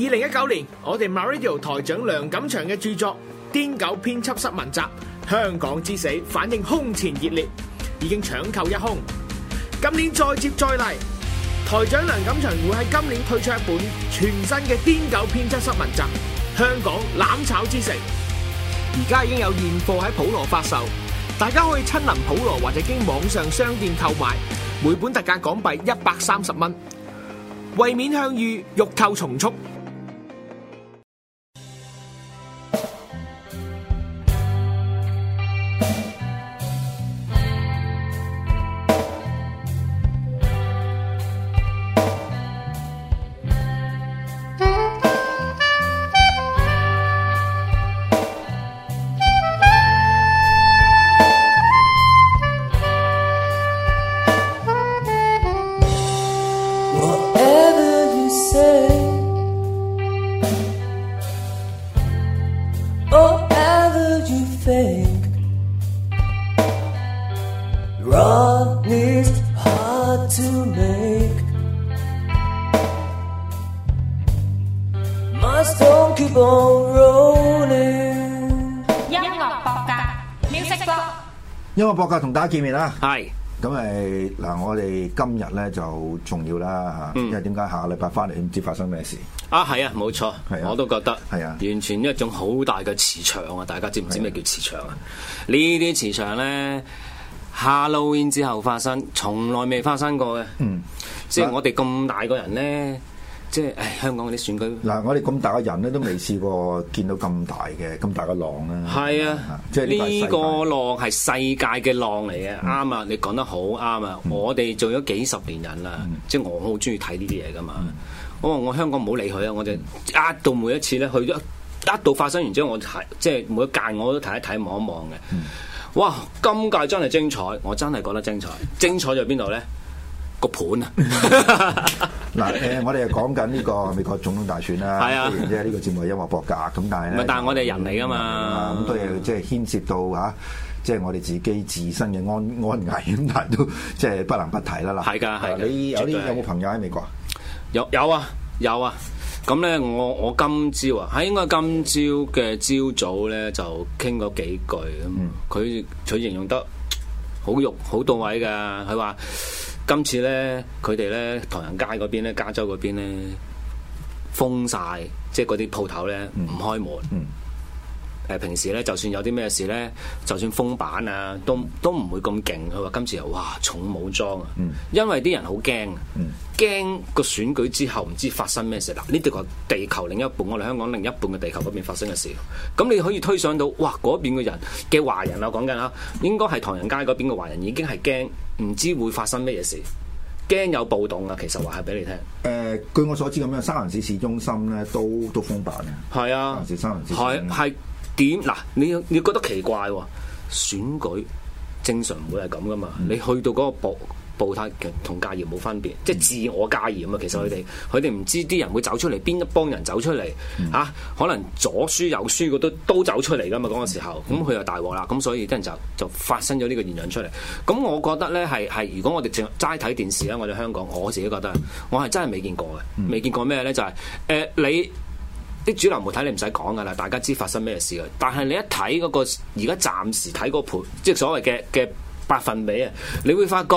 二零一九年，我哋 MyRadio 台長梁錦祥嘅著作《癲狗編輯室文集》香港之死反應空前熱烈，已經搶購一空。今年再接再厲，台長梁錦祥會喺今年推出一本全新嘅《癲狗編輯室文集》香港攬炒之城》，而家已經有現貨喺普羅發售，大家可以親臨普羅或者經網上商店購買，每本特價港幣一百三十蚊，為免向隅，欲購從速。音樂博格同大家見面啦，係咁係嗱，我哋今日咧就重要啦吓，因、嗯、為點解下個禮拜翻嚟，唔知發生咩事啊？係啊，冇錯，啊、我都覺得，係啊，完全一種好大嘅磁場啊！大家知唔知咩叫磁場啊？呢啲磁場咧，Halloween 之後發生，從來未發生過嘅，嗯，即係我哋咁大個人咧。即係，唉，香港嗰啲選舉嗱，我哋咁大嘅人咧，都未試過見到咁大嘅、咁大嘅浪咧。係啊，即係呢個浪係世界嘅浪嚟嘅，啱啊！你講得好啱啊！我哋做咗幾十年人啦，即係我好中意睇呢啲嘢噶嘛。我話我香港唔好理佢啊，我就一到每一次咧，去咗一到發生完之後，我睇即係每一屆我都睇一睇、望一望嘅。哇！今屆真係精彩，我真係覺得精彩。精彩在邊度咧？個盤啊！嗱誒、 呃，我哋係講緊呢個美國總統大選啦，係啊，即係呢個節目係音樂博格咁、嗯，但係唔係但係我哋人嚟噶嘛，咁都係即係牽涉到嚇、啊，即係我哋自己自身嘅安安危，咁但係都即係不能不提啦啦。係㗎，係你有啲絕對 有冇朋友喺美國？有有啊有啊，咁咧、啊、我我今朝喺應該今朝嘅朝早咧就傾咗幾句咁，佢佢形容得好肉好到位㗎，佢話。今次呢，佢哋呢唐人街嗰邊呢，加州嗰邊呢封晒，即係嗰啲鋪頭呢唔開門。嗯嗯誒平時咧，就算有啲咩事咧，就算封板啊，都都唔會咁勁。佢話今次又哇重武裝啊，因為啲人好驚，驚個、嗯、選舉之後唔知發生咩事啦。呢個地球另一半，我哋香港另一半嘅地球嗰邊發生嘅事，咁你可以推想到，哇嗰邊嘅人嘅華人啊，講緊啊，應該係唐人街嗰邊嘅華人已經係驚，唔知會發生咩嘢事，驚有暴動啊。其實話係俾你聽。誒、呃，據我所知咁樣，三藩市市中心咧都都封板啊。係啊，三藩市三藩市點嗱？你你覺得奇怪喎、哦？選舉正常唔會係咁噶嘛？嗯、你去到嗰個步態同價業冇分別，嗯、即係自我價業啊嘛。其實佢哋佢哋唔知啲人會走出嚟，邊一幫人走出嚟嚇、啊？可能左輸右輸都，都都走出嚟噶嘛？嗰個時候，咁佢又大鑊啦。咁、嗯、所以啲人就就發生咗呢個現象出嚟。咁我覺得咧係係，如果我哋淨齋睇電視咧，我哋香港我自己覺得，我係真係未見過嘅，未見過咩咧？就係、是、誒、呃、你。你啲主流媒體你唔使講噶啦，大家知發生咩事嘅。但係你一睇嗰、嗰個而家暫時睇嗰個盤，即係所謂嘅嘅百分比啊，你會發覺，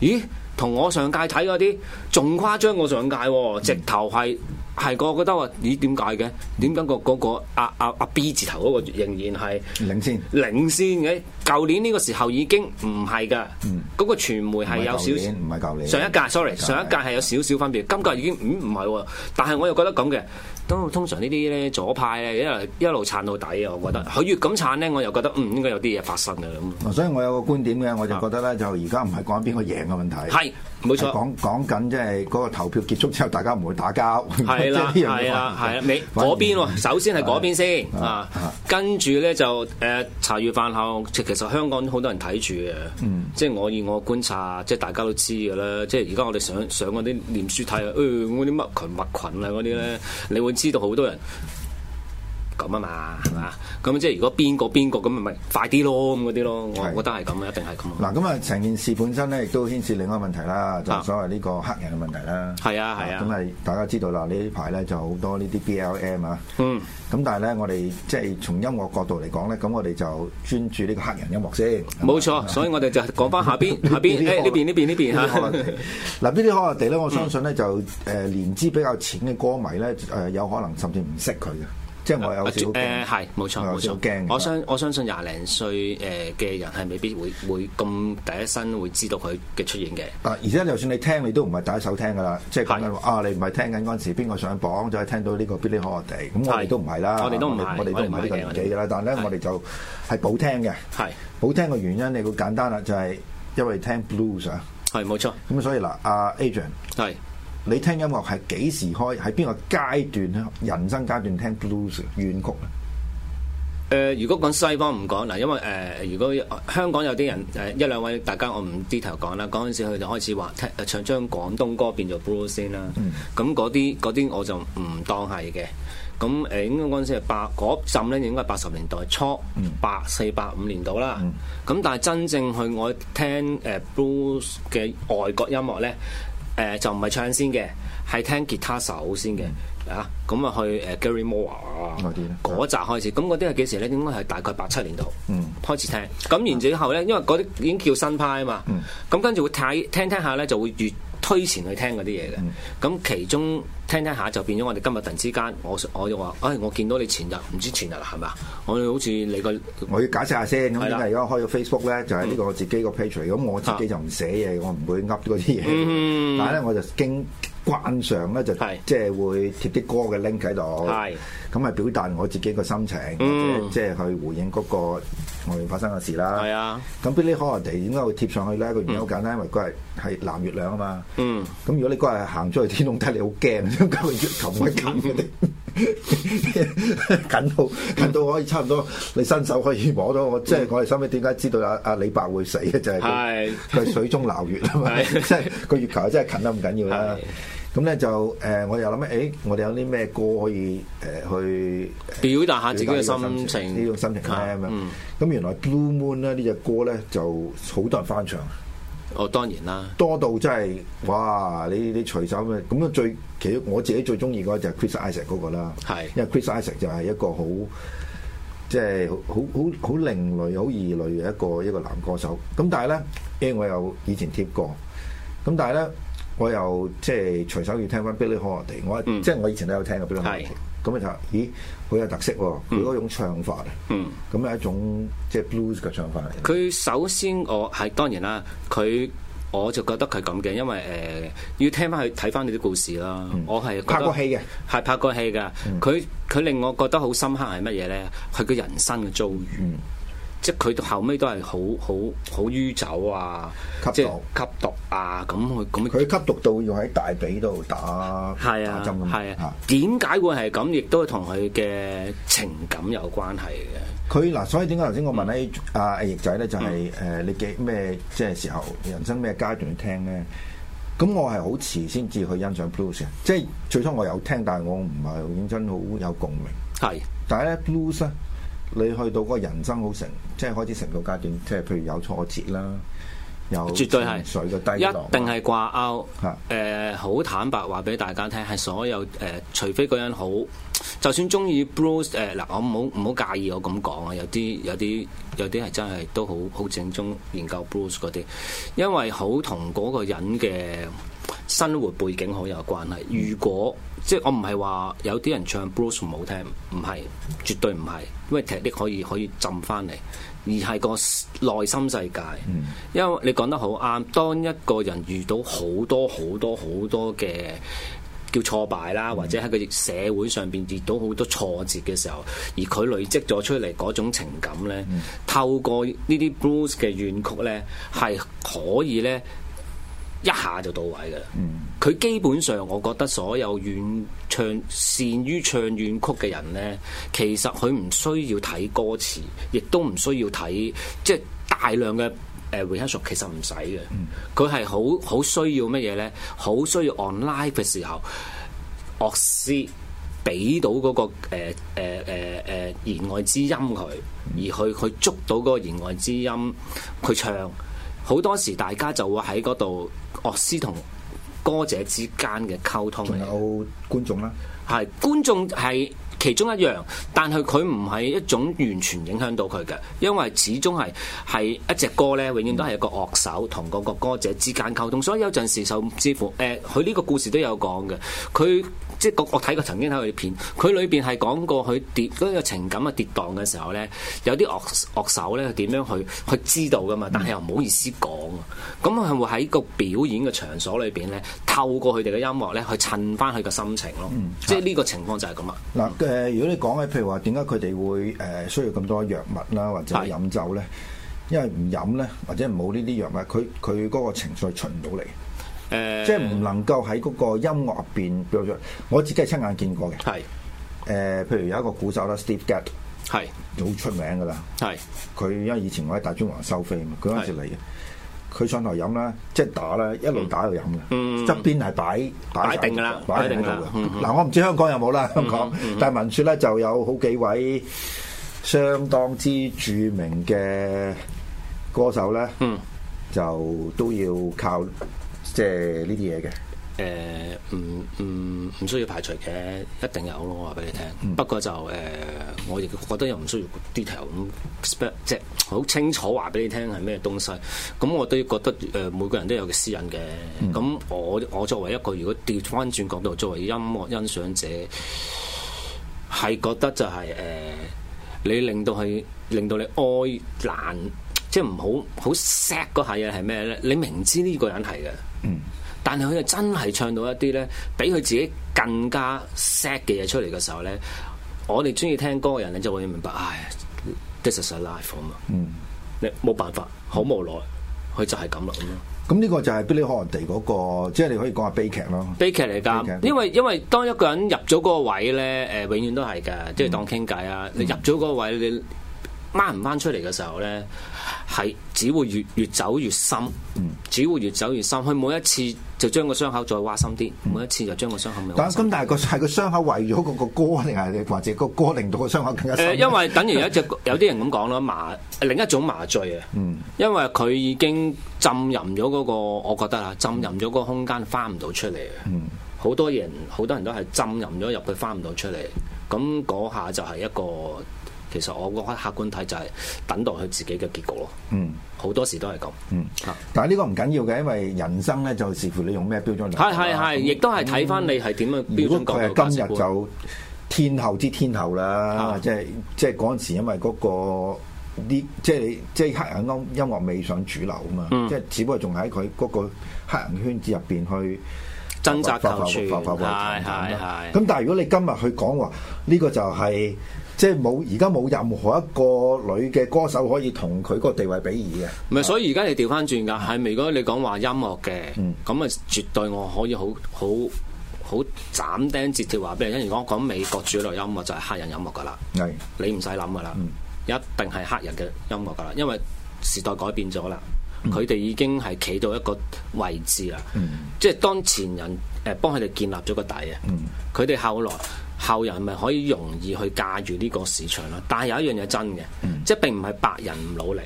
咦？同我上屆睇嗰啲仲誇張過上屆、啊，直頭係係個覺得話，咦？點解嘅？點解、嗰個嗰、嗰個啊阿阿、啊、B 字頭嗰個仍然係領先領先嘅？舊年呢個時候已經唔係噶，嗯，嗰個傳媒係有少少唔係舊年，唔係舊年上一屆，sorry，就係、上一屆係有少少少分別，今屆、嗯、已經嗯唔係喎，但係我又覺得咁嘅。都通常呢啲咧左派咧一路一路撐到底啊，我覺得佢越咁撐咧，我又覺得嗯應該有啲嘢發生嘅咁。所以我有個觀點嘅，我就覺得咧、啊、就而家唔係講邊個贏嘅問題。係。冇錯，講講緊即係嗰個投票結束之後，大家唔會打交。的這這係啦，係啊，係啦，你嗰邊喎？首先係嗰邊先啊，啊跟住咧就誒、呃、茶餘飯後，其實香港好多人睇住嘅。嗯、即係我以我觀察，即係大家都知嘅啦。即係而家我哋上上嗰啲臉書睇、哎、啊，誒嗰啲乜群乜群啊嗰啲咧，你會知道好多人。咁啊嘛，係嘛？咁即係如果邊個邊個咁咪快啲咯，咁嗰啲咯，我覺得係咁，一定係咁。嗱咁啊，成件事本身咧，亦都牽涉另外問題啦，就所謂呢個黑人嘅問題啦。係啊係啊，咁係大家知道啦，呢排咧就好多呢啲 BLM 啊。嗯。咁但係咧，我哋即係從音樂角度嚟講咧，咁我哋就專注呢個黑人音樂先。冇錯，所以我哋就講翻下邊下邊誒呢邊呢邊呢邊嗱呢啲開學地咧，我相信咧就誒年資比較淺嘅歌迷咧誒有可能甚至唔識佢嘅。即係我有少少驚。誒係冇錯冇錯，我相我相信廿零歲誒嘅人係未必會會咁第一身會知道佢嘅出現嘅。但而家就算你聽，你都唔係第一手聽㗎啦。即係講緊話啊，你唔係聽緊嗰陣時邊個上榜，就係聽到呢個 Billie Holiday。咁我哋都唔係啦，我哋都唔係，我哋都唔係呢個年紀啦。但係咧，我哋就係補聽嘅。係補聽嘅原因，你好簡單啦，就係因為聽 blues 啊。係冇錯。咁所以嗱，阿 Adrian 係。你聽音樂係幾時開？喺邊個階段咧？人生階段聽 blues 怨曲啊？誒、呃，如果講西方唔講嗱，因為誒、呃，如果香港有啲人誒、呃、一兩位，大家我唔啲頭講啦。嗰陣時佢就開始話聽唱將廣東歌變做 blues 先啦、嗯。咁嗰啲啲我就唔當係嘅。咁誒應該嗰陣時係八嗰陣咧，應該八十年代初，嗯、八四八五年度啦。咁、嗯嗯、但係真正去我聽誒、呃、blues 嘅外國音樂咧，誒、呃、就唔係唱先嘅，係聽吉他手先嘅嚇，咁、嗯、啊去誒、uh, Gary Moore 啊嗰集開始，咁嗰啲係幾時咧？應該係大概八七年度開始聽，咁、嗯、然之後咧，因為嗰啲已經叫新派啊嘛，咁、嗯、跟住會睇聽聽下咧，就會越。推前去聽嗰啲嘢嘅，咁、嗯、其中聽聽一下就變咗我哋今日突然之間，我我話，哎，我見到你前日唔知前日係咪啊，我好似你個，我要解釋下先。咁點解而家開咗 Facebook 咧，就係、是、呢個我自己個 page 咁、嗯，我自己就唔寫嘢，我唔會噏嗰啲嘢。嗯、但係咧，我就經慣常咧就是即係會貼啲歌嘅 link 喺度，咁係是是表達我自己個心情，嗯、即係去回應嗰、那個。外發生嘅事啦，咁邊啲可能 l i d a y 會貼上去咧？個原因好簡單，因為佢係係藍月亮啊嘛。嗯，咁如果你個係行出去天空睇，你好驚，咁個月球會近嗰啲近到近到可以差唔多，你伸手可以摸到。我即係我哋收尾點解知道阿阿李白會死嘅就係佢水中鬧月啊嘛，即係個月球真係近得唔緊要啦。咁咧就誒、呃，我又諗誒，我哋有啲咩歌可以誒、呃、去、呃、表達下自己嘅心情呢種心情咧咁樣。咁原來 Blue Moon 咧呢隻歌咧就好多人翻唱。哦，當然啦，多到真係哇！你你隨手咪咁樣最，其實我自己最中意嗰就 Chris Isaac 嗰個啦。係，因為 Chris Isaac 就係一個好即係好好好另類、好異類嘅一個一個，一個男歌手。咁但係咧，誒我有以前貼過。咁但係咧。我又即係隨手要聽翻 Billie Holiday，我、嗯、即係我以前都有聽過 Billie Holiday，咁是就咦好有特色喎、哦，佢嗰種唱法，咁係、嗯、一種即係 blues 嘅唱法嚟。佢首先我係當然啦，佢我就覺得佢咁嘅，因為誒、呃、要聽翻去睇翻佢啲故事啦。嗯、我係拍過戲嘅，係拍過戲㗎。佢佢、嗯、令我覺得好深刻係乜嘢咧？佢嘅人生嘅遭遇。嗯。即係佢到後尾都係好好好酗酒啊，即係吸毒啊，咁佢咁。佢吸毒到要喺大髀度打，係啊，打針咁。係啊，點解、啊、會係咁？亦都同佢嘅情感有關係嘅。佢嗱，所以點解頭先我問咧阿阿翼仔咧、就是嗯，就係誒，你幾咩？即係時候，人生咩階段去聽咧？咁我係好遲先至去欣賞 blues 嘅，即係最初我有聽，但係我唔係認真好有共鳴。係的，但係呢咧 blues 咧。你去到嗰人生好成，即係開始成個階段，即係譬如有挫折啦，有絕對係水嘅低落，一定係掛鈎嚇。好的、呃、坦白話俾大家聽，係所有誒、呃，除非嗰人好，就算中意 blues、呃、嗱，我唔好唔好介意我咁講啊，有啲有啲有啲係真係都好好正宗研究 blues 嗰啲，因為好同嗰個人嘅。生活背景好有關係，如果即係我唔係話有啲人唱 blues 唔好聽，唔係，絕對唔係，因為踢力可以可以浸翻嚟，而係個內心世界。嗯、因為你講得好啱，當一個人遇到好多好多好多嘅叫挫敗啦，嗯、或者喺個社會上邊遇到好多挫折嘅時候，而佢累積咗出嚟嗰種情感呢，嗯、透過呢啲 blues 嘅怨曲呢，係可以呢。一下就到位嘅啦。佢、嗯、基本上，我覺得所有怨唱善於唱怨曲嘅人咧，其實佢唔需要睇歌詞，亦都唔需要睇即係大量嘅誒 research 其實唔使嘅。佢係好好需要乜嘢咧？好需要 online 嘅時候，樂師俾到嗰個誒誒誒誒言外之音佢，而佢佢捉到嗰個言外之音佢唱。好多時大家就會喺嗰度樂師同歌者之間嘅溝通，仲有觀眾啦。係觀眾係其中一樣，但係佢唔係一種完全影響到佢嘅，因為始終係係一隻歌咧，永遠都係一個樂手同嗰個歌者之間溝通。所以有陣時，甚至乎誒，佢、呃、呢個故事都有講嘅，佢。即係我睇過曾經睇過啲片，佢裏邊係講過佢跌嗰、那個情感啊跌宕嘅時候咧，有啲樂樂手咧點樣去去知道噶嘛？但係又唔好意思講，咁佢係會喺個表演嘅場所裏邊咧，透過佢哋嘅音樂咧去襯翻佢個心情咯。嗯、即係呢個情況就係咁啊！嗱誒的、嗯呃，如果你講咧，譬如話點解佢哋會誒、呃、需要咁多藥物啦，或者飲酒咧？的因為唔飲咧，或者唔冇呢啲藥物，佢佢嗰個情緒出唔到嚟。誒，即係唔能夠喺嗰個音樂入邊表現。我自己係親眼見過嘅。係是，誒、呃，譬如有一個鼓手啦，Steve Gadd，係，好出名噶啦。係是，佢因為以前我喺大中華收飛啊嘛，佢嗰陣時嚟嘅。佢是上台飲啦，即係打啦，一路打一路飲嘅。嗯。側邊係擺擺擺喺度嘅。嗱，我唔知香港有冇啦，香港。但係文說咧就有好幾位相當之著名嘅歌手咧。就都要靠。嗯即係呢啲嘢嘅，誒，唔唔唔需要排除嘅，一定有咯。我話俾你聽，不過就誒、呃，我亦覺得又唔需要 detail 咁即係好清楚話俾你聽係咩東西。咁我都覺得誒，每個人都有個私隱嘅。咁、嗯、我我作為一個，如果調翻轉角度，作為音樂欣賞者，係覺得就係、是、誒、呃，你令到佢令到你哀難，即係唔好好錫嗰下嘢係咩咧？你明知呢個人係嘅。嗯，但係佢又真係唱到一啲咧，比佢自己更加 sad 嘅嘢出嚟嘅時候咧，我哋中意聽歌嘅人咧就會明白，唉，this is a life 嘛、啊，嗯，你冇辦法，好無奈，佢就係咁啦咁咯。咁、啊、呢個就係 Billy Holiday 嗰、那個，即係你可以講下悲劇咯，悲劇嚟噶，悲劇 因為因為當一個人入咗嗰個位咧，誒、呃，永遠都係噶，即係當傾偈啊，嗯、你入咗嗰個位，你掹唔翻出嚟嘅時候咧。係只會越越走越深，只會越走越深。佢每一次就將個傷口再挖深啲，每一次就將個傷口、嗯。但係咁，但係個係個傷口遺咗個個歌，定係或者個歌令到個傷口更加深。誒，因為等於有一隻，有啲人咁講咯，麻另一種麻醉啊。嗯，因為佢已經浸淫咗嗰、那個，我覺得啦，浸淫咗個空間翻唔到出嚟。嗯，好多人好多人都係浸淫咗入去翻唔到出嚟。咁嗰下就係一個。其實我覺得客觀睇就係等待佢自己嘅結果咯。嗯，好多時都係咁。嗯，但係呢個唔緊要嘅，因為人生咧就視乎你用咩標準嚟。係係係，亦都係睇翻你係點樣標準嚟。如果佢今日就天后之天后啦，嗯，即係即係嗰陣時，因為嗰，嗰個啲即係即係黑人音音樂未上主流啊嘛，嗯，即係只不過仲喺佢嗰個黑人圈子入邊去掙扎。求存。係係係。咁但係如果你今日去講話呢個就係，是。即係冇，而家冇任何一個女嘅歌手可以同佢個地位比擬嘅。唔係、嗯，所以而家你調翻轉噶。喺美國，你講話音樂嘅，咁啊、嗯，絕對我可以好好好斬釘截鐵話俾你。因如果講美國主流音樂就係黑人音樂噶啦，係是你唔使諗噶啦，嗯、一定係黑人嘅音樂噶啦。因為時代改變咗啦，佢哋、嗯、已經係企到一個位置啦。嗯、即係當前人誒幫佢哋建立咗個底啊。佢哋後來。後人咪可以容易去駕馭呢個市場咯，但係有一樣嘢真嘅，即係並唔係白人唔努力，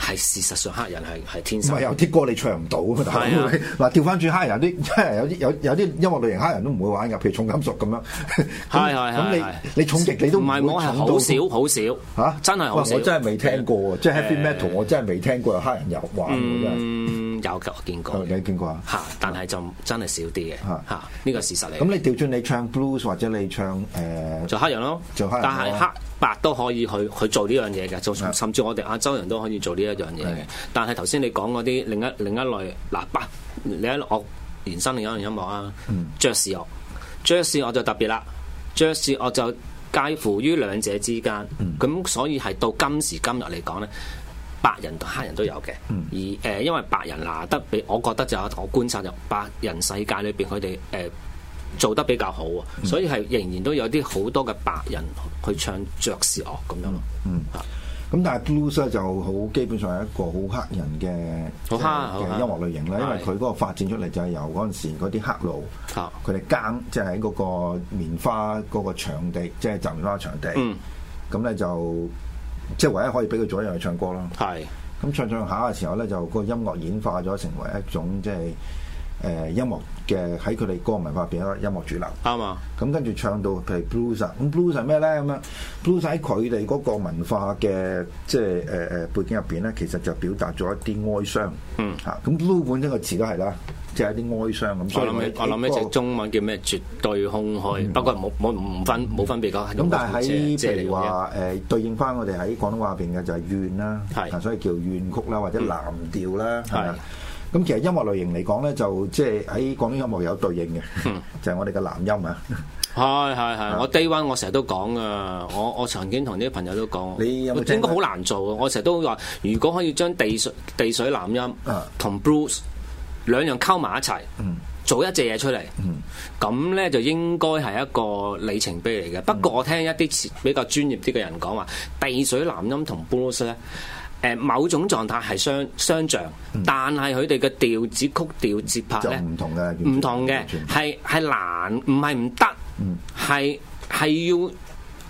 係事實上黑人係係天生。有啲歌你唱唔到，嗱，調翻轉黑人啲黑人有啲有有啲音樂類型黑人都唔會玩噶，譬如重金屬咁樣。咁咁你你重擊你都唔係我係好少好少吓，真係我真係未聽過，即係 Happy Metal 我真係未聽過有黑人有玩㗎真。有嘅，我見過，見過。你見過啊？嚇！但係就真係少啲嘅。嚇！呢個事實嚟。咁你調轉你唱 blues 或者你唱誒？做、呃、黑人咯。做。但係黑白都可以去去做呢樣嘢嘅。就甚至我哋亞洲人都可以做呢一樣嘢嘅。的但係頭先你講嗰啲另一另一類嗱白，你一樂延伸另一樣音樂啊。爵士樂，爵士樂就特別啦。爵士樂就介乎於兩者之間。咁、嗯、所以係到今時今日嚟講咧。白人同黑人都有嘅，而誒、呃，因為白人啦，得畀我覺得就我觀察就白人世界裏邊佢哋誒做得比較好啊，嗯、所以係仍然都有啲好多嘅白人去唱爵士樂咁樣咯、嗯。嗯，嚇是，咁但係 Blues 就好，基本上係一個好黑人嘅好黑嘅音樂類型啦，的因為佢嗰個發展出嚟就係由嗰陣時嗰啲黑奴，佢哋的耕，即係喺嗰個棉花嗰個場地，即係種棉花場地，咁咧、嗯、就。即係唯一可以俾佢做一人去唱歌咯。係咁是唱唱下嘅時候咧，就個音樂演化咗成為一種即係。誒音樂嘅喺佢哋個文化入邊，一個音樂主流啱啊！咁跟住唱到譬如 blues 啊，咁 blues 係咩咧？咁樣 blues 喺佢哋嗰個文化嘅即係誒誒背景入邊咧，其實就表達咗一啲哀傷。嗯，嚇咁 blues 本身個詞都係啦，即係一啲哀傷咁。我諗一，我諗起隻中文叫咩？絕對空虛。不過冇冇唔分冇分別㗎。咁但係喺譬如話誒對應翻我哋喺廣東話入邊嘅就係怨啦，係，所以叫怨曲啦，或者藍調啦，係。咁其實音樂類型嚟講咧，就即係喺廣東音樂有對應嘅，嗯、 就係我哋嘅南音啊。係係係，我 Day One 我成日都講啊，我我曾經同啲朋友都講，你有有應該好難做啊。我成日都話，如果可以將地水地水南音同 blues 兩樣溝埋一齊，嗯、做一隻嘢出嚟，咁咧、嗯、就應該係一個里程碑嚟嘅。不過我聽一啲比較專業啲嘅人講話，地水南音同 blues 咧。誒某種狀態係相相像，但係佢哋嘅調子、曲調、節拍咧，就唔同嘅，唔同嘅，係係難，唔係唔得，係係、嗯、要，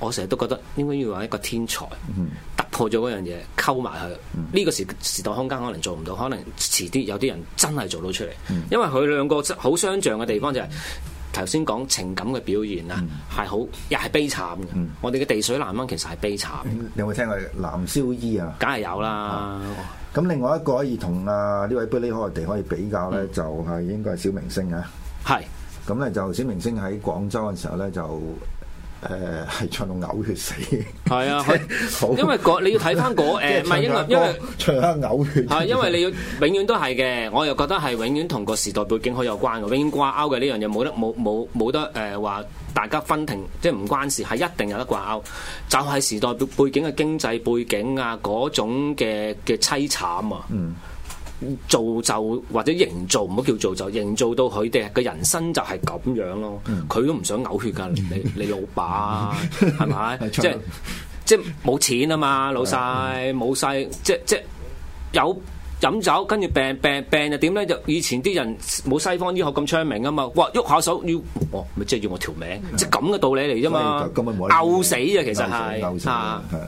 我成日都覺得應該要話一個天才、嗯、突破咗嗰樣嘢，溝埋佢。呢、嗯、個時時代空間可能做唔到，可能遲啲有啲人真係做到出嚟，嗯、因為佢兩個好相像嘅地方就係、係。嗯嗯頭先講情感嘅表現啊，係好又係悲慘嘅。我哋嘅地水難翁其實係悲慘。有冇聽過藍霄衣？啊？梗係有啦。咁另外一個可以同啊呢位 Billy 開地可以比較咧，嗯、就係應該係小明星啊。係是。咁咧就小明星喺廣州嘅時候咧就。誒係、呃、唱到嘔血死，係啊，因為你要睇翻嗰唔係因為因為唱到嘔血，係因為你要永遠都係嘅，我又覺得係永遠同個時代背景好有關嘅，永遠掛鈎嘅呢樣嘢冇得冇冇冇得誒話、呃、大家分庭，即係唔關事，係一定有得掛鈎，就係、是、時代背景嘅經濟背景啊，嗰種嘅嘅淒慘啊。造就或者營造唔好叫做造就，營造到佢哋嘅人生就係咁樣咯。佢、嗯、都唔想嘔血噶，你你老闆係咪？即係即係冇錢啊嘛，老細冇晒，即即有飲酒，跟住病病病，病病病又點咧？就以前啲人冇西方醫學咁昌明啊嘛，哇！喐下手要哦，咪即係要我條命，啊、即係咁嘅道理嚟啫嘛。嘔死啊！其實係啊。